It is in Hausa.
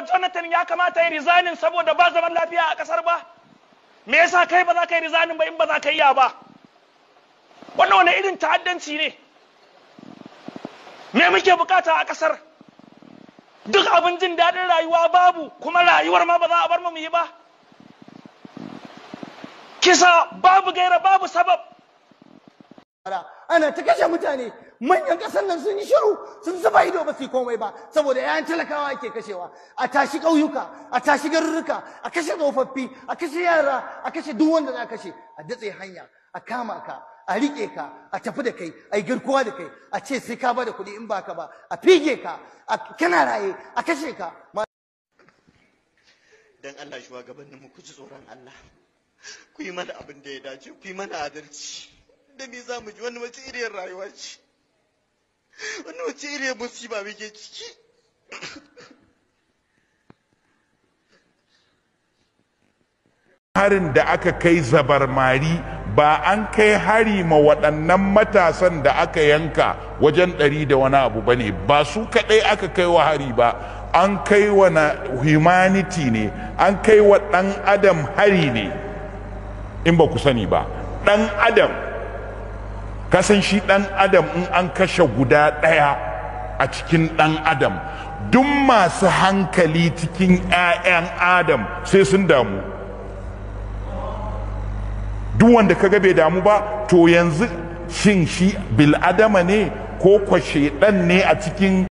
cewa Jonathan ya kamata ya rizanin saboda ba zaman lafiya a kasar ba me yasa kai ba za ka yi rizanin ba in ba za ka yi ya ba wannan wani irin ta'addanci ne me muke bukata a kasar duk abin jin daɗin rayuwa babu kuma rayuwar ma ba za a bar mu yi ba kisa babu gaira babu sabab ana ta kashe mutane manyan ƙasar nan sun yi shiru sun zuba ido ba su komai ba saboda yayan talakawa ake kashewa a tashi ƙauyuka a tashi garuruka a kashe tsofaffi a kashe yara a kashe duk wanda za a kashe a datse hanya a kama ka a riƙe ka a tafi da kai a yi garkuwa da kai a ce sai ka ba da kuɗi in ba ka ba a fige ka a kana raye a kashe ka dan Allah mu ku ji tsoron Allah ku yi mana abin da ya dace ku yi mana adalci da me za mu ji wani mace iriyar rayuwa ce wannan wace iriyar musiba muke ciki harin da aka kai zabar mari ba an kai hari ma waɗannan matasan da aka yanka wajen ɗari da wani abu ba ne ba su kaɗai aka kai wa hari ba an kai wa na humanity ne an kai wa ɗan adam hari ne in ba ku sani ba ɗan adam kasan shi ɗan adam in an kashe guda ɗaya a cikin ɗan adam duk masu hankali cikin 'ya'yan adam sai sun damu duk wanda kaga bai damu ba to yanzu shin shi bil'adama ne ko kwashe ɗan ne a cikin